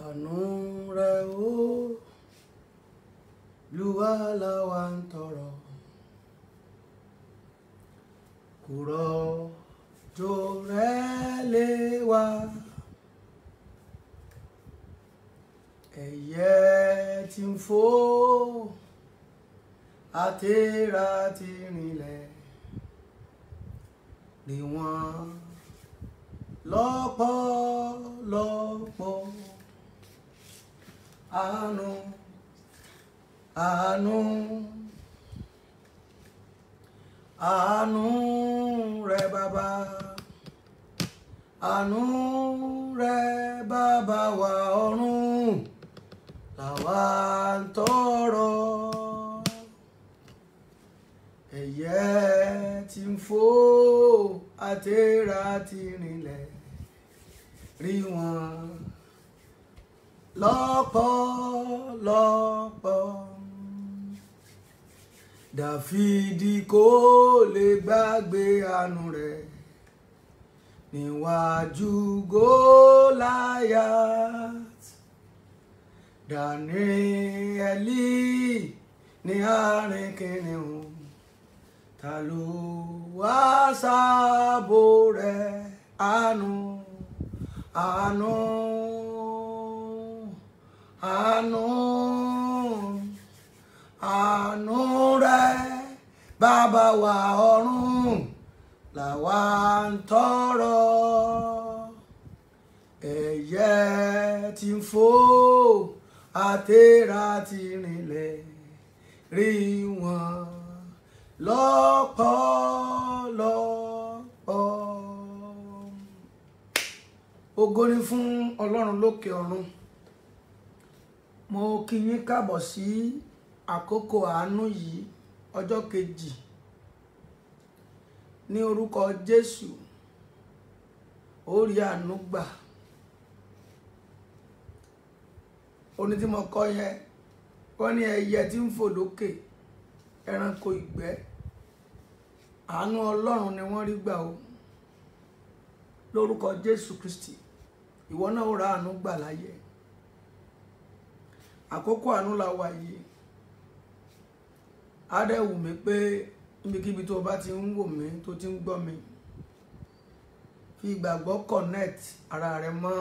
àánú rẹ̀ ó lúwa làwa ń tọrọ kò rọ̀jò rẹ̀ lé wa ẹyẹ tí ń fò àtẹ̀rà ti rìnlẹ̀ ni wọ́n Anu, anu, anu, rẹ bàbá àánú rẹ bàbá wa onu la ń tọrọ ẹyẹ tí ń fò àtẹ̀rà tí rìnlẹ̀ lọ́pọ̀lọpọ̀ dàfídì kò lè gbàgbé àánú rẹ̀ níwájú Goliath Dáníẹ́lì ní àárín kìnìún ta ló wá sábò rẹ̀ àánú àánú àánú àánú rẹ bàbá wa ọ̀run làwa ń tọrọ ẹyẹ tí ń fò àtẹ̀rà ti rìnlẹ̀ rí wọn lọ́pọ̀lọpọ̀ ògo ni fún ọlọ́run lókè ọ̀run mo kí yín káàbọ̀ sí àkókò àánú yìí ọjọ́ kejì ní orúkọ Jésù ó rí àánú gbà oní tí mo kọ́ yẹn wọ́n ní ẹyẹ tí ń fò lókè ẹranko ìgbẹ́ àánú Ọlọ́run ni wọ́n rí gbà o lórúkọ Jésù Kristi ìwọ náà ó ra àánú gbà láyé àkókò àánú la wà yìí á dẹ̀ wù mí pé níbikíbi tó o bá ti ń wò mí tó ti ń gbọ́ mi fi ìgbàgbọ́ connect ara rẹ mọ́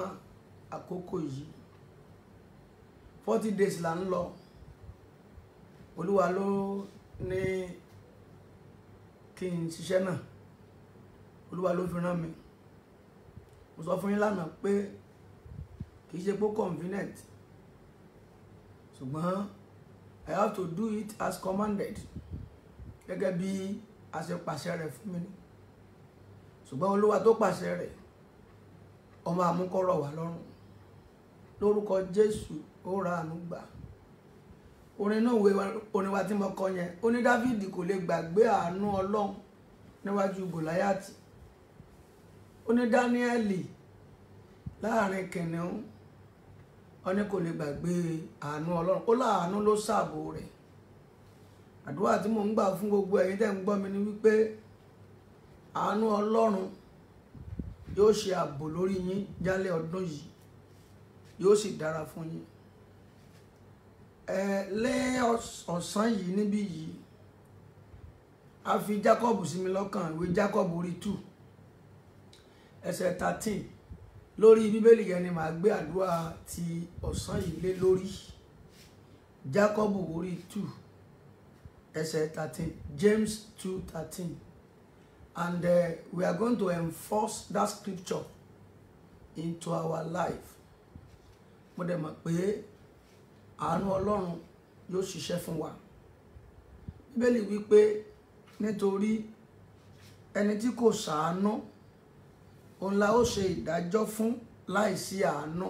àkókò yìí forty days là ń lọ olúwa ló ní kí n ṣiṣẹ́ náà olúwa ló fi rán mi mo sọ fún yín lánàá pé kì í ṣe pé convenient ṣùgbọ́n I have to do it as commanded gẹ́gẹ́ bí a ṣe pàṣẹ rẹ̀ fún mi ni ṣùgbọ́n olúwa tó pàṣẹ rẹ̀ ọmọ àmúkọ́rọ̀ wà lọ́rùn lórúkọ Jésù ó ra àánú gbà orin náà orin wa tí mo kọ yẹn ó ní Dáfídì kò lè gbàgbé àánú Ọlọ́run níwájú Gòláyàtì ó ní Dáníẹ́lì láàrin kìnìún wọ́n ní kò lè gbàgbé àánú ọlọ́run ó láàánú ló ṣààbò rẹ̀ àdúrà tí mò ń gbà fún gbogbo ẹ̀yin tẹ́ ń gbọ́ mi ni wípé àánú ọlọ́run yóò ṣe ààbò lórí yín jálẹ̀ ọdún yìí yóò sì dára fún yín ẹ lẹ́ yìí níbí yìí a fi Jacob sí mi lọ́kàn ìwé Jacob orí two ẹsẹ̀ thirteen lórí bíbélì yẹn ni màá gbé àdúrà ti ọ̀sán yìí lé lórí Jacob orí two ẹsẹ̀ thirteen James two thirteen and uh, we are going to enforce that scripture into our life mo dẹ̀ mọ̀ pé àánú Ọlọ́run yóò ṣiṣẹ́ fún wa bíbélì wípé nítorí ẹni tí kò ṣàánú. No, òun la ó ṣe ìdájọ́ fún láìsí àánú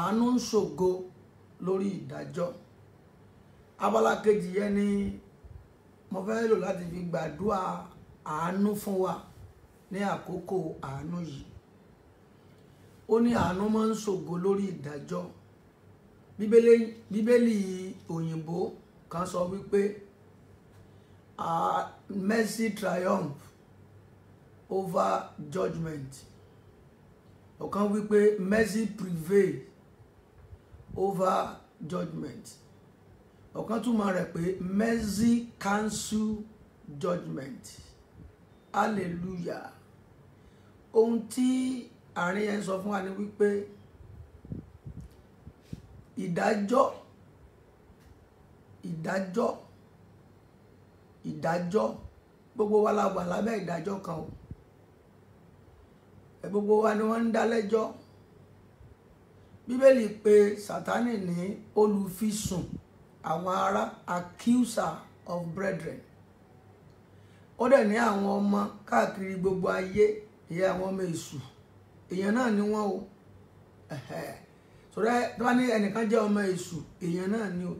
àánú ń ṣògo lórí ìdájọ́ abala kejì yẹn ni mo fẹ́ lò láti fi gbàdúrà àánú fún wa ní àkókò àánú yìí ó ní àánú máa ń ṣògo lórí ìdájọ́ bíbélì òyìnbó kan sọ wípé mercy triumph over judgment ọ̀kan wípé mercy prevail over judgment ọ̀kan túmọ̀ rẹ̀ pé mercy cancel judgment hallelujah ohun tí àárín yẹn sọ fún wa ni wípé ìdájọ́ ìdájọ́ ìdájọ́ gbogbo wa la wà lábẹ́ ìdájọ́ kan o gbogbo wa ni wọ́n ń dá lẹ́jọ́ bíbélì pé sátánì ní olùfisùn àwọn ará accuser of brethren ó dẹ̀ ní àwọn ọmọ káàkiri gbogbo ayé ìyá àwọn ọmọ èṣù èèyàn náà ni wọ́n o sọ̀rọ̀ tí wọ́n ní ẹnìkan jẹ́ ọmọ èṣù èèyàn náà ni o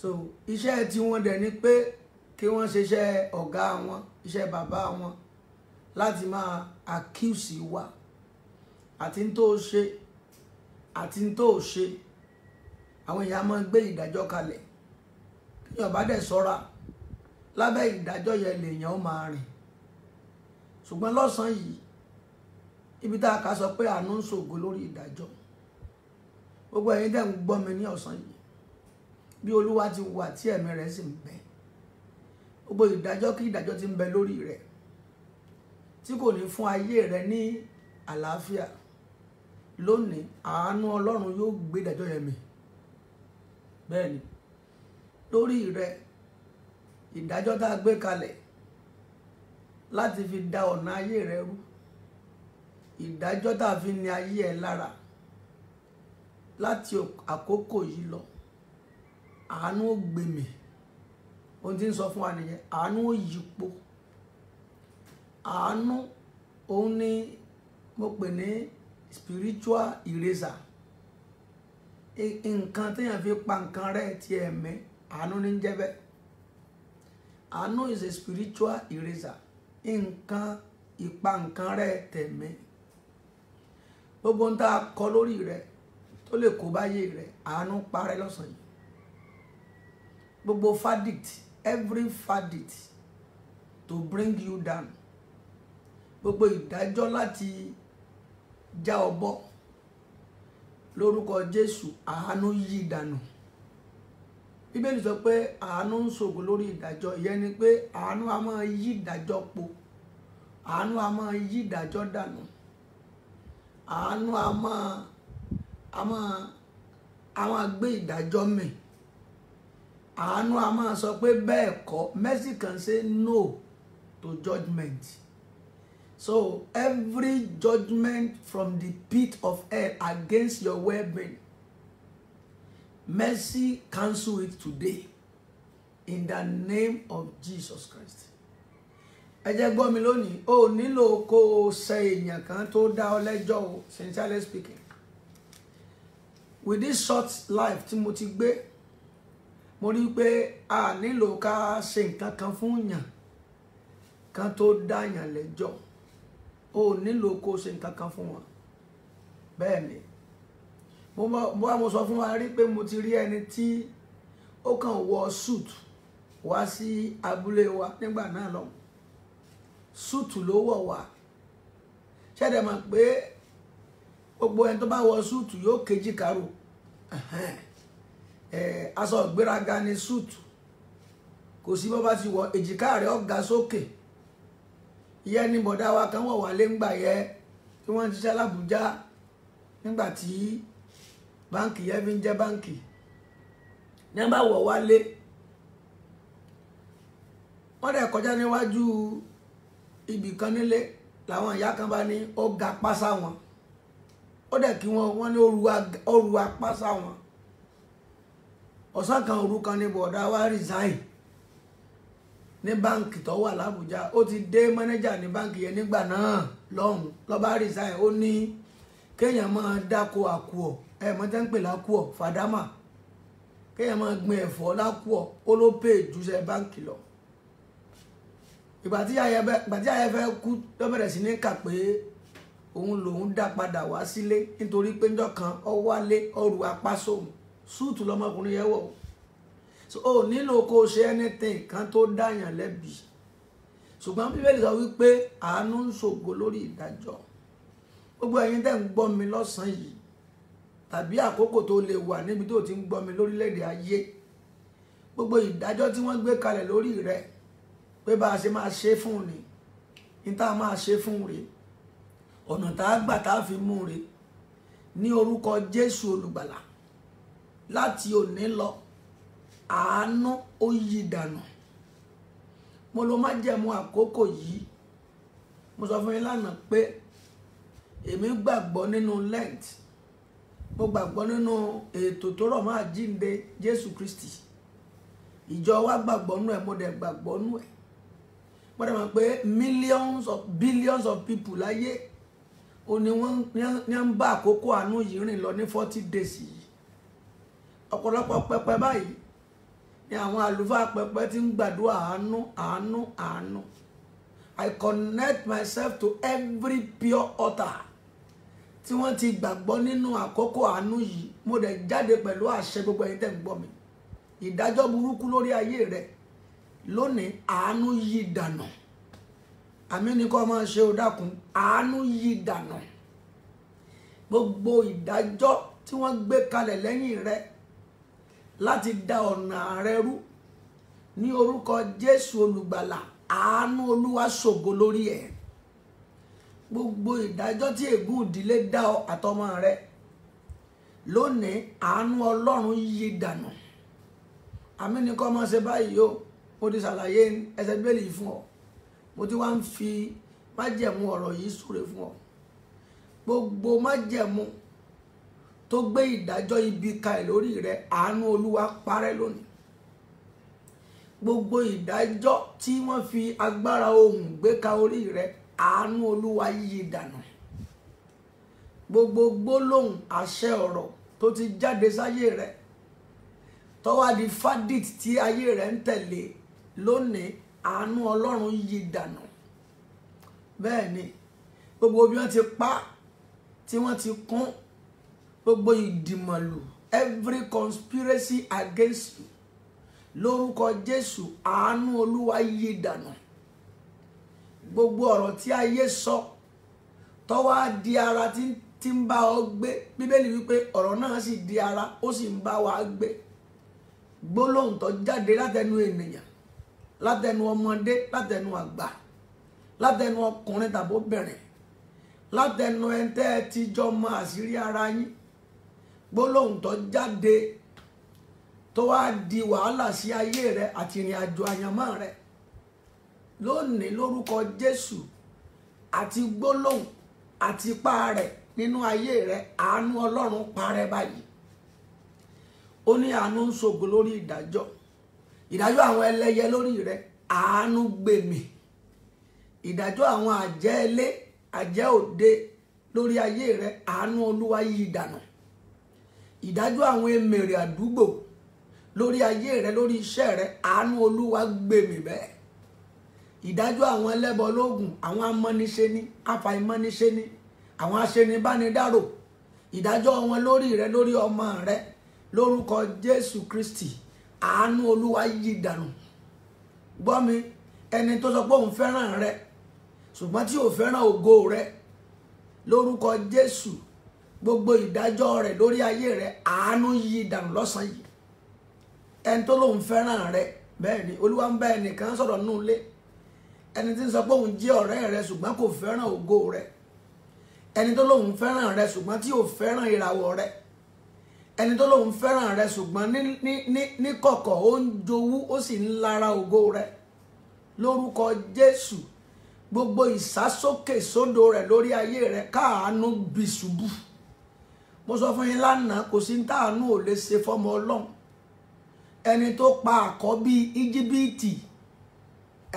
so iṣẹ́ tí wọ́n dẹ̀ ni pé kí wọ́n ṣiṣẹ́ ọ̀gá wọn iṣẹ́ bàbá wọn láti máa àkíyèsí wa àti ní tó ṣe àti ní tó ṣe àwọn èèyàn máa ń gbé ìdájọ́ kalẹ̀ kíyàn bá dẹ̀ sọ́ra lábẹ́ ìdájọ́ yẹn lèèyàn máa rìn ṣùgbọ́n lọ́sàn-án yìí ibi tá a kà sọ pé àánú ń ṣògo lórí ìdájọ́ gbogbo ẹ̀yin dẹ̀ ń gbọ́ mi ní ọ̀sán yìí bí olúwa ti wà tí ẹ̀mí rẹ̀ sì ń bẹ gbogbo ìdájọ́ kí ìdájọ́ ti ń bẹ lórí rẹ̀ tí kò ní fún ayé rẹ ní àlàáfíà lónìí àánú ọlọ́run yóò gbé ìdájọ́ yẹn mì bẹ́ẹ̀ ni lórí rẹ ìdájọ́ tá a gbé kalẹ̀ láti fi da ọ̀nà ayé rẹ rú ìdájọ́ tá a fi ní ayé ẹ lára láti àkókò yìí lọ àánú ó gbèmí ohun tí ń sọ fún wa nìyẹn àánú ó yípo àánú òun ni mo pè ní spiritual eraser e, nǹkan téèyàn fi pa nǹkan rẹ̀ ti ẹ̀mí àánú ní jẹ́ àánú is a spiritual eraser nǹkan ìpa nǹkan rẹ̀ tẹ̀mí gbogbo ń tá a kọ lórí rẹ̀ tó lè kó báyé rẹ̀ àánú parẹ́ lọ́sàn yìí gbogbo verdict every fadit to bring you down gbogbo ìdájọ́ láti já ọbọ lórúkọ Jésù àánú yí dànù bíbélì sọ pé àánú ń ṣògùn lórí ìdájọ́ ìyẹn ni pé àánú a máa yí ìdájọ́ po àánú a máa yí ìdájọ́ dànù àánú a máa a máa a máa gbé ìdájọ́ mì àánú a máa sọ pé bẹ́ẹ̀ kọ́ mercy can say no to judgement So every judgment from the pit of hell against your well-being, mercy cancel it today in the name of Jesus Christ. Ẹ jẹ́ gbọ́ mi lónìí, o nílò kó o ṣe èèyàn kan tó dá ọ lẹ́jọ́ o, sincerely speaking. With this short life tí mo ti gbé, mo rí i pé a nílò ká ṣe nǹkan kan fún yàn kan tó dá yàn lẹ́jọ́ o nílò kó o ṣe nǹkan kan fún wọn bẹ́ẹ̀ ni mo bá mo sọ fún wa rí pé mo ti rí ẹni tí ó kàn wọ suit wá sí abúlé wa nígbà náà lọ suit ló wọ̀ wá ṣẹ́dẹ̀ mọ̀ pé gbogbo ẹni tó bá wọ súùtù yóò kejì karo aṣọ ìgbéraga ni súùtù kò sí bó bá ti wọ èjìká rẹ̀ ó ga sókè. So ìyẹn ni bọ̀dá wa kan wọ̀ wálé ńgbà yẹn tí wọ́n ń ṣiṣẹ́ lábújá nígbà tí báǹkì yẹn fi ń jẹ́ báǹkì ní a bá wọ̀ wọ́n dẹ̀ kọjá níwájú ibì kan nílé làwọn ìyá kan bá ní ó pásá wọn ó dẹ̀ kí wọ́n ní ó ru ọ̀sán kan ni bọ̀dá wa ní báǹkì tó wà lábújá ó ti dé mọ́nẹ́jà ní báǹkì yẹn nígbà náà lọ́hùn lọ́ba resign ó ní kéèyàn máa dáko àkùọ̀ ẹ mọ́ tẹ́ ń pè lákùọ̀ fàdámà kéèyàn máa gbin ẹ̀fọ́ lákùọ̀ ó ló pè jùṣẹ́ báǹkì lọ. ìgbà tí ayẹfẹ́ kú ló bẹ̀rẹ̀ sí ní kà pé òun lòun dá padà wá sílé nítorí pé njọ́ kan ọ wálé ọrù apá sóun súùtù lọmọkùnrin yẹn wọ̀ ọ́ so o nílò kó o ṣe anything kan tó dáyàn lẹ́bi ṣùgbọ́n bíbélì sọ wípé àánú ń ṣògo lórí ìdájọ́ gbogbo ẹ̀yin tẹ́ ń gbọ́ mi lọ́sàn-án yìí tàbí àkókò tó lè wà níbi tó ti ń gbọ́ mi lórílẹ̀‐èdè ayé gbogbo ìdájọ́ tí wọ́n gbé kalẹ̀ lórí rẹ̀ pé bá a ṣe máa ṣe fún un ni ní tá a máa ṣe fún un rè ọ̀nà tá a gbà tá a fi mú un rè ní orúkọ Jésù olùgbàlà láti òní lọ àánú ó yí dànù mo ló má jẹ̀mú àkókò yìí mo sọ fún yín lánàá pé èmi gbàgbọ́ nínú lent mo gbàgbọ́ nínú ètò tó rọ̀ mọ́ àjínde Jésù Kristi ìjọ wa gbàgbọ́ nú ẹ̀ mo dẹ̀ gbàgbọ́ nú ẹ̀ mo dẹ̀ mọ̀ pé millions of billions of people láyé ó ní wọ́n ní ń bá àkókò àánú yìí rìn lọ ní forty days yìí ọ̀pọ̀lọpọ̀ pẹpẹ báyìí ni àwọn àlùfáà pẹpẹ ti ń gbàdúrà àánú àánú àánú I connect myself to every pure altar tí wọ́n ti gbàgbọ́ nínú àkókò àánú yìí mo dẹ̀ jáde pẹ̀lú àṣẹ gbogbo ẹ̀yin tẹ̀ ń gbọ́ mi ìdájọ́ burúkú lórí ayé rẹ̀ lónìí àánú yí dànù àmì ni kò máa ṣe ó dákun àánú yí dànù gbogbo ìdájọ́ tí wọ́n gbé kalẹ̀ lẹ́yìn rẹ̀ láti dá ọ̀nà rẹ rú ní orúkọ Jésù olùgbàlà àánú Olúwa ṣògo lórí ẹ gbogbo ìdájọ́ tí ègún ìdílé dá ọ àtọmọ rẹ lónìí àánú Ọlọ́run yí dànù àmì ni kọ́ máa ṣe báyìí o mo ti ṣàlàyé ẹsẹ̀ bẹ́ẹ̀lì fún ọ mo ti wá ń fi májẹ̀mú ọ̀rọ̀ yìí súre fún ọ gbogbo májẹ̀mú tó gbé ìdájọ́ ibi kalẹ̀ lórí rẹ àánú olúwa parẹ́ lónìí gbogbo ìdájọ́ tí wọ́n fi agbára ohùn gbé ka orí rẹ àánú olúwa yí dànù gbogbo gbólóhùn àṣẹ ọ̀rọ̀ tó ti jáde sáyé rẹ tọ́wá di tí ayé rẹ ń tẹ̀lé lónìí àánú ọlọ́run yí dànù bẹ́ẹ̀ ni gbogbo bí wọ́n ti pa tí wọ́n ti kún gbogbo ìdìmọ̀lù every conspiracy against you lórúkọ jésù àánú olúwa yí dànù gbogbo ọ̀rọ̀ tí ayé sọ tọ́wọ́ á di ara tí ń tí ń bá ọ gbé bíbélì wípé ọ̀rọ̀ náà sì di ara ó sì ń bá wa gbé gbólóhùn tó jáde látẹnu ènìyàn látẹnu ọmọdé látẹnu àgbà látẹnu ọkùnrin tàbóbìnrin látẹnu ẹntẹ́ ẹ ti mọ àṣírí ara yín gbólóhùn tó jáde tó wá di wàhálà sí ayé rẹ àti ìrìn àjò àyànmọ́ rẹ lónìí lórúkọ Jésù àti gbólóhùn àti ipá rẹ nínú ayé rẹ àánú Ọlọ́run parẹ́ báyìí ó ní àánú ń ṣògo lórí ìdájọ́ ìdájọ́ àwọn ẹlẹ́yẹ lórí rẹ àánú gbèmí ìdájọ́ àwọn àjẹ́ ilé àjẹ́ òde lórí ayé rẹ àánú Olúwa yí dànù ìdájọ́ àwọn emèrè àdúgbò lórí ayé rẹ lórí iṣẹ́ rẹ àánú olúwa gbèmí bẹ́ẹ̀ ìdájọ́ àwọn ẹlẹ́bọ lóògùn àwọn amọ́niṣe ni afàìmọ́niṣe ni àwọn aṣenibánidárò ìdájọ́ wọn lórí rẹ lórí ọmọ rẹ lórúkọ Jésù Kristi àánú olúwa yí dànù gbọ́ mi ẹni tó sọ pé òun fẹ́ràn rẹ ṣùgbọ́n tí ò fẹ́ràn ògo rẹ lórúkọ Jésù gbogbo ìdájọ́ rẹ̀ lórí ayé rẹ̀ àánú yí dànù lọ́sàn yìí ẹni tó lóun fẹ́ràn rẹ̀ bẹ́ẹ̀ ni olúwa ń bá ẹnìkan sọ̀rọ̀ nù lé ẹni tí ń sọ pé òun jẹ́ ọ̀rẹ́ rẹ̀ ṣùgbọ́n kò fẹ́ràn ògo rẹ̀ ẹni tó lóun fẹ́ràn rẹ̀ ṣùgbọ́n tí ò fẹ́ràn ìràwọ̀ rẹ̀ ẹni tó lóun fẹ́ràn rẹ̀ ṣùgbọ́n níkọ̀kọ̀ ó ń jowú ó sì ń lara ògo rẹ̀ lórúkọ Jésù gbogbo ìsásókè sódò rẹ̀ lórí ayé rẹ̀ káàánú bìṣubú mo sọ fún yín lánàá kò sí táànù ò lè ṣe fọmọ ọlọ́run ẹni tó pa àkọ́bí íjíbítì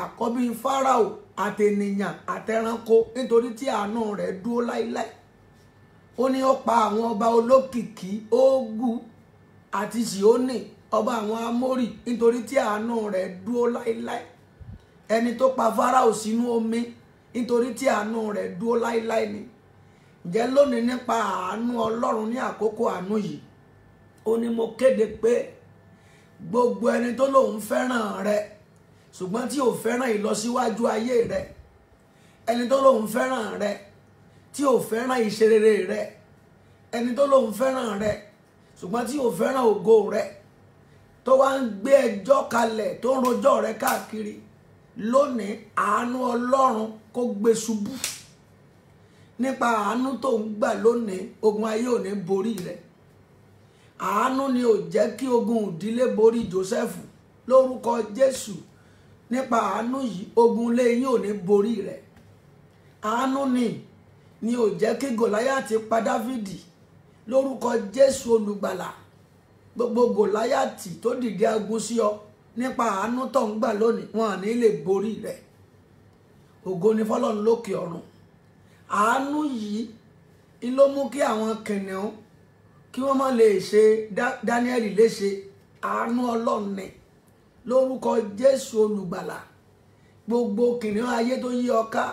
àkọ́bí fáráò àtẹnìyàn àtẹranko nítorí tí àánú rẹ̀ dúró láíláí ó ní ó pa àwọn ọba olókìkí ógù àti sioni ọba àwọn amórì nítorí tí àánú rẹ̀ dúró láíláí ẹni tó pa fáráò sínú omi nítorí tí àánú rẹ̀ dúró láíláí ni ǹjẹ́ lónìí nípa àánú ọlọ́run ní àkókò àánú yìí ó ní mo kéde pé gbogbo ẹni tó lòun fẹ́ràn rẹ ṣùgbọ́n tí ò fẹ́ràn ìlọsíwájú ayé rẹ ẹni tó lòun fẹ́ràn rẹ tí ò fẹ́ràn ìṣerere rẹ ẹni tó lòun fẹ́ràn rẹ ṣùgbọ́n tí ò fẹ́ràn ògo rẹ tó wá ń gbé ẹjọ́ kalẹ̀ tó ń rojọ́ rẹ káàkiri lónìí àánú ọlọ́run kó gbé ṣubú nípa àánú tó ń gbà lónìí ogun ayé ò ní borí rẹ àánú ni ò jẹ́ kí ogun ìdílé borí Joseph lórúkọ Jésù nípa àánú yìí ogun ilé yín ò ní borí rẹ àánú ni ni ò jẹ́ kí Gòláyàtì pa Dáfídì lórúkọ Jésù olùgbàlà gbogbo Gòláyàtì tó dìde agun sí ọ nípa àánú tó ń gbà lónìí wọn à ní lè borí rẹ ògo ni fọ́lọ́run lókè ọ̀run àánú yìí ló mú kí àwọn kìnìún kí wọ́n má lè ṣe Dáníẹ́lì léṣe àánú ọlọ́run ni lórúkọ Jésù olùgbàlà gbogbo kìnìún ayé tó yí ọ ká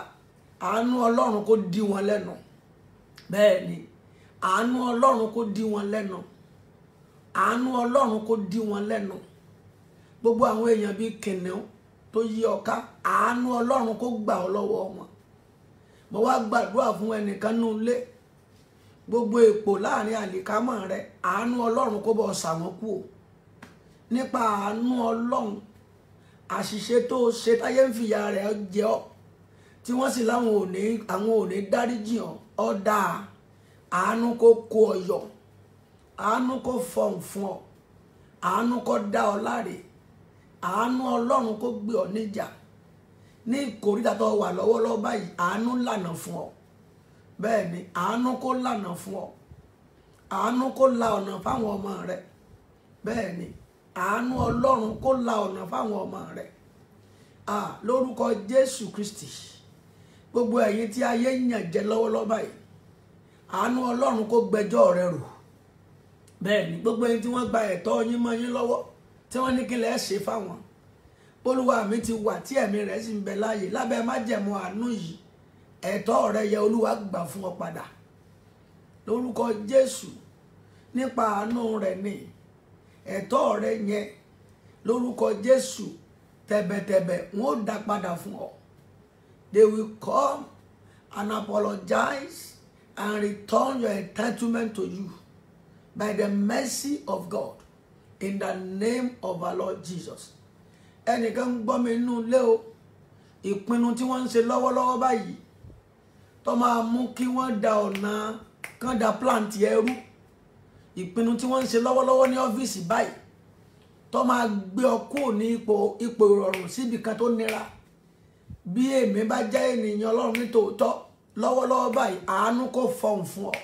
àánú ọlọ́run kó di wọn lẹ́nu bẹ́ẹ̀ ni àánú ọlọ́run kó di wọn lẹ́nu àánú ọlọ́run kó di wọn lẹ́nu gbogbo àwọn èèyàn bíi kìnìún tó yí ọ àánú ọlọ́run kó gbà ọ lọ́wọ́ wọn mo wá gbàdúrà fún ẹnìkan nínú ilé gbogbo èpò láàrin àlìkámọ̀ rẹ àánú ọlọ́run kó bọ́ ṣà wọ́n kú o nípa àánú ọlọ́run àṣìṣe tó ṣe táyé ń fìyà rẹ̀ jẹ ọ́ tí wọ́n sì láwọn ò àwọn ò dáríjì ọ́ ọ́ dáa àánú kó kó ọ àánú kó fọhùn fún ọ àánú kó dá ọ láre àánú ọlọ́run kó gbé ọ níjà ní ìkórìtà tó wà lọ́wọ́lọ́wọ́ báyìí àánú lànà fún ọ bẹ́ẹ̀ ni àánú kó lànà fún ọ àánú kó la ọ̀nà fáwọn ọmọ rẹ bẹ́ẹ̀ ni àánú ọlọ́run kó la ọ̀nà fáwọn ọmọ rẹ à lórúkọ jésù kristi gbogbo ẹ̀yin tí ayé ń yàn jẹ lọ́wọ́lọ́wọ́ báyìí àánú ọlọ́run kó gbẹjọ́ rẹ rò bẹ́ẹ̀ ni gbogbo ẹni tí wọ́n gba ẹ̀tọ́ yín mọ́ yín lọ́wọ́ tí wọ́n ní kí lẹ́ẹ̀ ṣe fáwọn bólúwa mi ti wà tí ẹ̀mí rẹ̀ sì ń bẹ láàyè lábẹ́ májẹ̀mú àánú yìí ẹ̀tọ́ rẹ yẹ olúwa gbà fún ọ padà lórúkọ jésù nípa àánú rẹ ni ẹ̀tọ́ rẹ yẹn lórúkọ jésù tẹ̀bẹ̀tẹ̀bẹ̀ wọn ó dá padà fún ọ they will come and apologize and return your entitlement to you by the mercy of God in the name of our Lord Jesus ẹnìkan ń gbọ́ mi nínú ilé o ìpinnu tí wọ́n ń ṣe lọ́wọ́lọ́wọ́ báyìí tó máa mú kí wọ́n da ọ̀nà kan da plant ẹrú ìpinnu tí wọ́n ń ṣe lọ́wọ́lọ́wọ́ ní ọ́fíìsì báyìí tó máa gbé ọ kúrò ní ipò ipò ìrọ̀rùn síbi kan tó nira bí èmi bá jẹ́ ènìyàn ọlọ́run ní tòótọ́ lọ́wọ́lọ́wọ́ báyìí àánú kò fọhùn fún ọ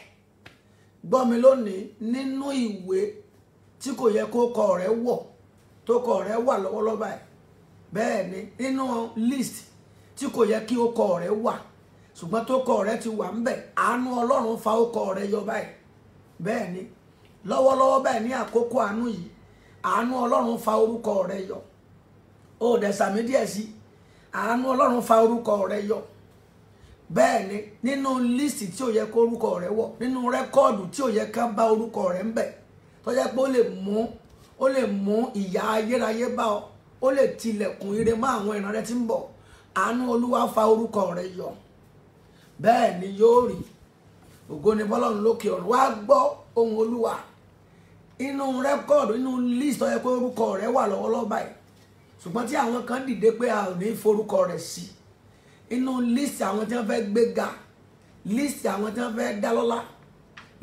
gbọ́ mi lónìí nínú ìwé tí kò yẹ kó kọ rẹ wọ̀ tókọ rẹ wà lọ́wọ́lọ́wọ́ báyìí bẹ́ẹ̀ ni nínú list tí kò yẹ kí ọkọ rẹ wà ṣùgbọ́n tókọ ti wà ńbẹ̀ àánú ọlọ́run fa ọkọ rẹ yọ báyìí ni lọ́wọ́lọ́wọ́ báyìí ní àkókò àánú yìí àánú fa orúkọ yọ ó sàmì sí àánú fa ni nínú tí yẹ kó orúkọ nínú tí yẹ ká ó lè mú ìyà ayérayé bá ọ ó lè tilẹ̀kùn ire mọ́ àwọn ìran rẹ tí ń bọ̀ àánú olúwa fa orúkọ rẹ yọ bẹ́ẹ̀ ni yóò rí ògo ni bọ́lọ́run lókè ọ̀run wá gbọ́ ohùn olúwa inú rẹ́kọ̀dù inú list ọ̀yẹ́ pé orúkọ rẹ wà lọ́wọ́lọ́wọ́ báyìí ṣùgbọ́n tí àwọn kan dìde pé a ò ní forúkọ rẹ sí inú list àwọn tí wọ́n fẹ́ gbéga list àwọn tí wọ́n fẹ́ dálọ́lá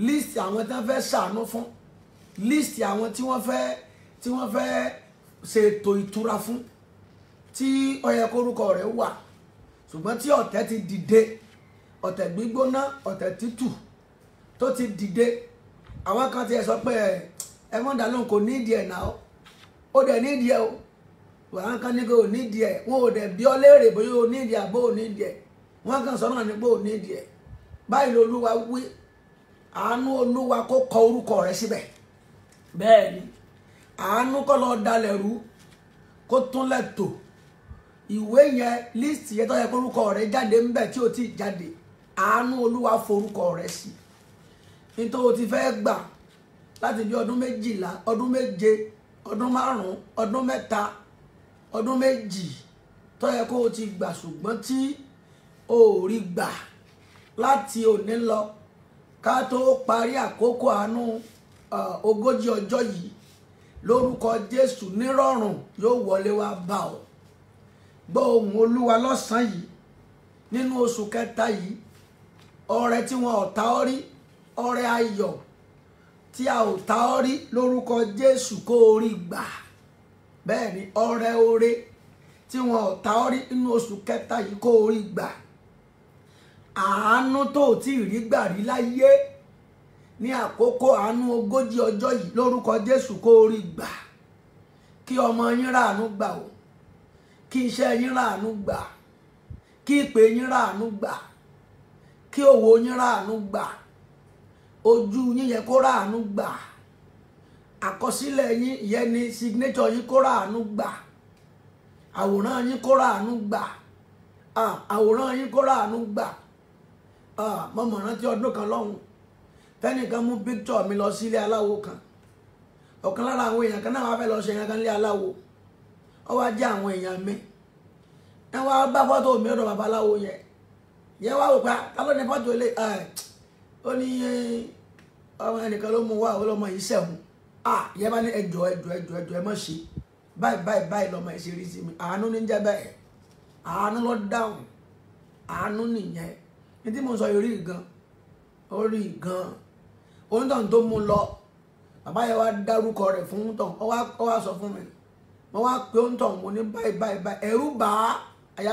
list àwọn tí wọ́n fẹ́ ṣàánú fún list àwọn tí wọ́n fẹ́ tí wọ́n fẹ́ ṣètò ìtura fún tí ó yẹ rẹ̀ wà ṣùgbọ́n tí ọ̀tẹ̀ ti dìde ọ̀tẹ̀ gbígbóná ọ̀tẹ̀ tútù tó ti dìde àwọn kan ti ẹ̀ sọ pé ẹ mọ́ dàlóhùn kò nídìí ẹ̀ náà ó dẹ̀ nídìí ẹ̀ o wàá kan ní kò nídìí ẹ̀ wọn ò dẹ̀ bí ọ léèrè bóyá o nídìí àbó ò nídìí ẹ̀ wọn kan sọ náà ní pé ò nídìí ẹ̀ báyìí lolúwa wí àánú olúwa kó kọ orúkọ rẹ̀ síbẹ̀ bẹ́ẹ̀ ni àánú kọ́ lọ dalẹ̀ rú kó túnlẹ̀ tò ìwé yẹn líìsì yẹn tó yẹ kó orúkọ rẹ jáde ńbẹ tí o ti jáde àánú olúwa forúkọ rẹ sí nítorí o ti fẹ́ gbà láti bí ọdún méjìlá ọdún méje ọdún márùn-ún ọdún mẹ́ta ọdún méjì tó yẹ kó o ti gbà ṣùgbọ́n tí o ò rí gbà láti òní lọ ká tó parí àkókò àánú ogójì ọjọ́ yìí lórúkọ jésù nírọ̀rùn yóò wọlé wá bá ọ gbọ́ ohùn olúwa lọ́sàn-án yìí nínú oṣù kẹta yìí ọrẹ tí wọn ò ta ọ rí ọrẹ ayọ̀ tí a ò ta ọ rí lórúkọ jésù kó o rí gbà bẹ́ẹ̀ ni ọrẹ oore tí wọn ò ta ọ rí nínú oṣù kẹta yìí kó o rí gbà àánú tó o ti rí gbà rí láyé ní àkókò àánú ogójì ọjọ́ yìí lórúkọ Jésù kó o rí gbà kí ọmọ yín ràánú gbà o kí iṣẹ́ yín ràánú gbà kí ìpè yín ràánú gbà kí òwò yín ràánú gbà ojú yín yẹ kó ràánú gbà àkọsílẹ̀ yín ìyẹn ni signature yín kó ràánú gbà àwòrán yín kó ràánú gbà àwòrán yín kó ràánú gbà mọ̀mọ́rántí ọdún kan lọ́hùn tẹ́nìkan mú píktọ̀ mi lọ sílé aláwo kan ọ̀kan lára àwọn èèyàn kan náà wàá fẹ́ lọ ṣe ìrìnkan lé aláwo ọ wá jẹ́ àwọn èèyàn mi ẹ wá bá fọ́tò mi ọ̀dọ̀ babaláwo yẹn yẹn wá wò pé ah, ta ló ní fọ́tò ilé ah, ẹ ó ní ọmọ ẹnìkan ló mú wá àwọn ọmọ yìí sẹ̀wọ̀n à ah, yẹn bá ní ẹjọ́ ẹjọ́ ẹjọ́ ẹjọ́ ẹ mọ̀ ṣe báyìí báyìí báyìí lọ́mọ ẹ̀ ṣe rí sí mi àánú ní jẹ́ bẹ́ẹ̀ àánú ló dáhùn àánú nìyẹn ní tí mo sọ yìí rí gan ó gan onítàn tó mú lọ bàbá yẹn wá dárúkọ rẹ̀ fún tàn ọ wá sọ fún mi wọ́n wá pé onítàn mo ní báyìí báyìí báyìí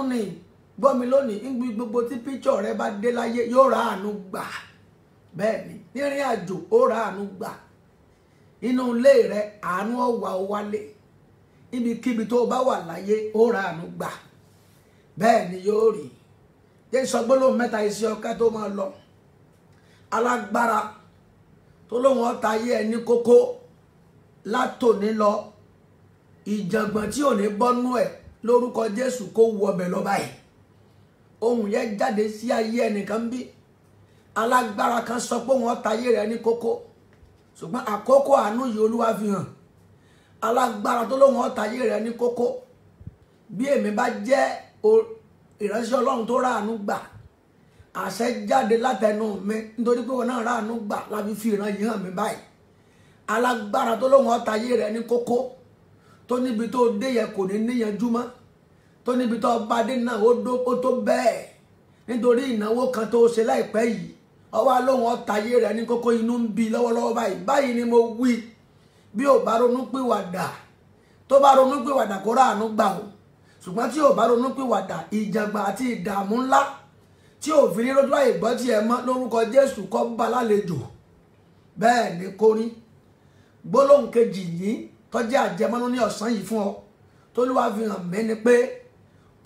ni lónìí gbogbo tí píkṣọ̀ rẹ bá dé láyé yóò ra àánú gbà bẹ́ẹ̀ ni nírìn àjò ra àánú gbà inú ilé rẹ àánú ọ̀wà wálé ibikíbi tó o bá wà láyé ó ra àánú gbà ni yóò rí tó máa lọ. alágbára tó lóun ọ̀tá ayé ẹni kókó látòní lọ ìjàngbọ̀n tí ò ní bọ́nú ẹ̀ lórúkọ Jésù kó wu ọbẹ̀ lọ báyìí ohun yẹn jáde sí ayé ẹnìkan bí alágbára kan sọ pé òun ọ̀tá ayé rẹ̀ ní kókó ṣùgbọ́n àkókò àánú yìí olúwa fi hàn alágbára tó lóun ọ̀tá ayé rẹ̀ ní kókó bí èmi bá jẹ́ ìránṣẹ́ ọlọ́run tó ráàánú gbà àṣẹ jáde látẹnu mi nítorí pé wọn náà ráàánú gbà láfi fi ìran yìí hàn báyìí alágbára tó lóun rẹ ní kókó tó níbi tó dé yẹ kò ní níyanjú tó níbi tó bá dé náà ó tó bẹ́ẹ̀ nítorí ìnáwó rẹ ní kókó inú ń bi báyìí ni mo wí bí ò bá ronú tó bá ronú kó gbà tí òfin ní lójú àyè gbọ́ tiẹ̀ mọ́ lórúkọ jésù kọ́ bá lálejò bẹ́ẹ̀ ni kò rí gbólóhùn kejì yìí tọ́jú àjẹmọ́nú ní ọ̀sán yìí fún ọ tólúwa fi hàn mí ni pé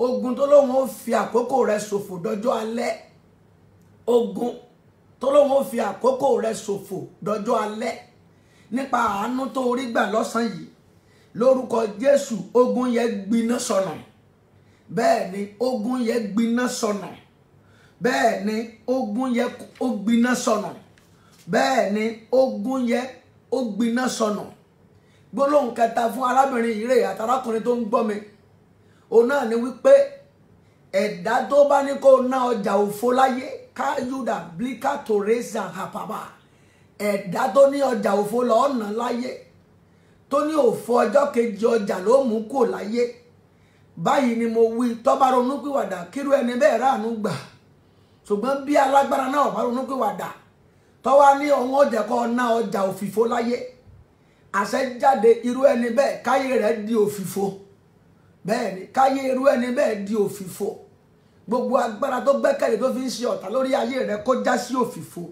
ogun tó lóun ó fi àkókò rẹ ṣòfò dọjọ́ alẹ́ ogun tó lóun ó fi àkókò rẹ ṣòfò dọjọ́ alẹ́ nípa àánú tó rí gbà lọ́sàn yìí lórúkọ jésù ogun yẹn gbiná sọnà bẹ́ẹ̀ ni ogun yẹn gbiná sọnà bẹ́ẹ̀ ni ogun yẹ ó gbiná sọnù bẹ́ẹ̀ ni ogun yẹ ó gbiná sọnù gbólóhùn kẹta fún arábìnrin yìí rè àtàrákùnrin tó ń gbọ́ ni wípé ẹ̀dá tó bá ní kó ná ọjà òfo láyé káyúdà blíkà tòrèsà àpàpà ẹ̀dá tó ní ọjà òfo lọ́ọ́ ná láyé tó ní òfo ọjọ́ kejì ọjà ló mú kò láyé báyìí ni mo wí tó ronú pìwàdà kírú ẹni bẹ́ẹ̀ ṣùgbọ́n bí alágbára náà ọ̀bá ronú pé wàdà tọ́wá ní ọ̀hún ọ̀jẹ̀ kọ́ ná ọjà òfìfo láyé àṣẹ jáde irú ẹni bẹ́ẹ̀ káyé rẹ̀ di òfìfo bẹ́ẹ̀ ni káyé irú ẹni bẹ́ẹ̀ di òfìfo gbogbo agbára tó gbẹ́kẹ̀lé tó fi ń ṣe ọ̀tá lórí ayé rẹ̀ kó já sí òfìfo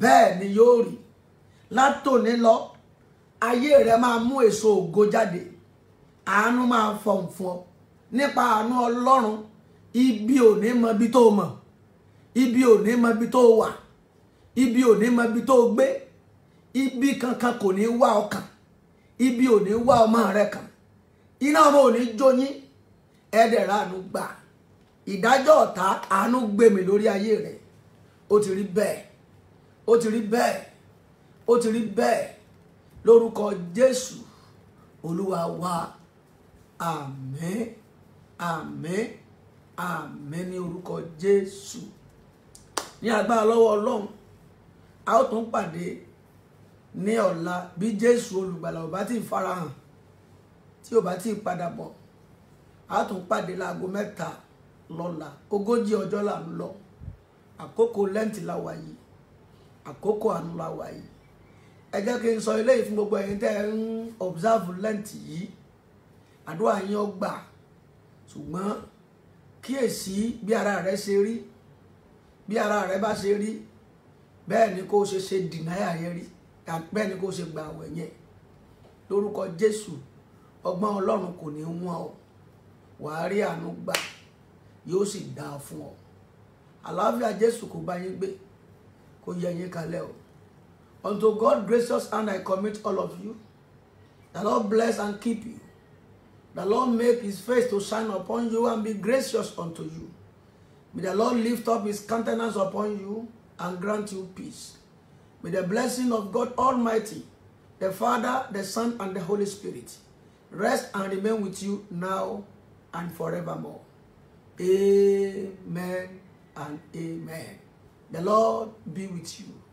bẹ́ẹ̀ ni yóò rí látòní lọ ayé rẹ̀ máa mú èso ògo jáde àánú máa fọ̀nfọ̀ nípa àánú ọlọ́run ibi ò ní mọ ibi tó mọ̀ ibi ò ní mọ ibi tó wà ibi ò ní mọ ibi tó gbé ibi kankan kò ní wá ọkàn ibi ò ní wá ọmọ rẹ kàn iná ọmọ ò ní jó yín ẹ̀ẹ́dẹ̀rẹ̀ àánú gbà ìdájọ́ ọ̀tá àánú gbé mi lórí ayé rẹ̀ ó ti rí bẹ́ẹ̀ ó ti rí bẹ́ẹ̀ ó ti rí bẹ́ẹ̀ lórúkọ Jésù olúwa wa àmín àmín àmín ní orúkọ Jésù ní agbára lọ́wọ́ ọlọ́run a ó tún pàdé ní ọ̀la bí jésù olùgbàlà ò bá ti farahàn tí ò bá ti padà bọ̀ a tún pàdé láago mẹ́ta lọ́la ogójì ọjọ́ là ń lọ àkókò lẹ́ǹtì la wà yìí àkókò àánú la wà yìí ẹ jẹ́ kí n sọ eléyìí fún gbogbo ẹ̀yin tẹ́ ẹ ń observe lẹ́ǹtì yìí àdúrà yín ó ṣùgbọ́n kíyèsí bí ara rẹ ṣe rí bí ara rẹ bá ṣe rí bẹ́ẹ̀ ni kó o ṣe ṣe dìnáyà yẹn rí bẹ́ẹ̀ ni kó o ṣe gbà àwẹ̀ yẹn lórúkọ Jésù ọgbọ́n Ọlọ́run kò ní wọ́n ọ wàá rí àánú gbà yóò sì dáa fún ọ àlàáfíà Jésù kò bá yín gbé kò yẹ yín kalẹ̀ o unto God gracious hand I commit all of you the Lord bless and keep you the Lord make his face to shine upon you and be gracious unto you May the Lord lift up his countenance upon you and grant you peace. May the blessing of God Almighty, the Father, the Son, and the Holy Spirit rest and remain with you now and forevermore. Amen and amen. The Lord be with you.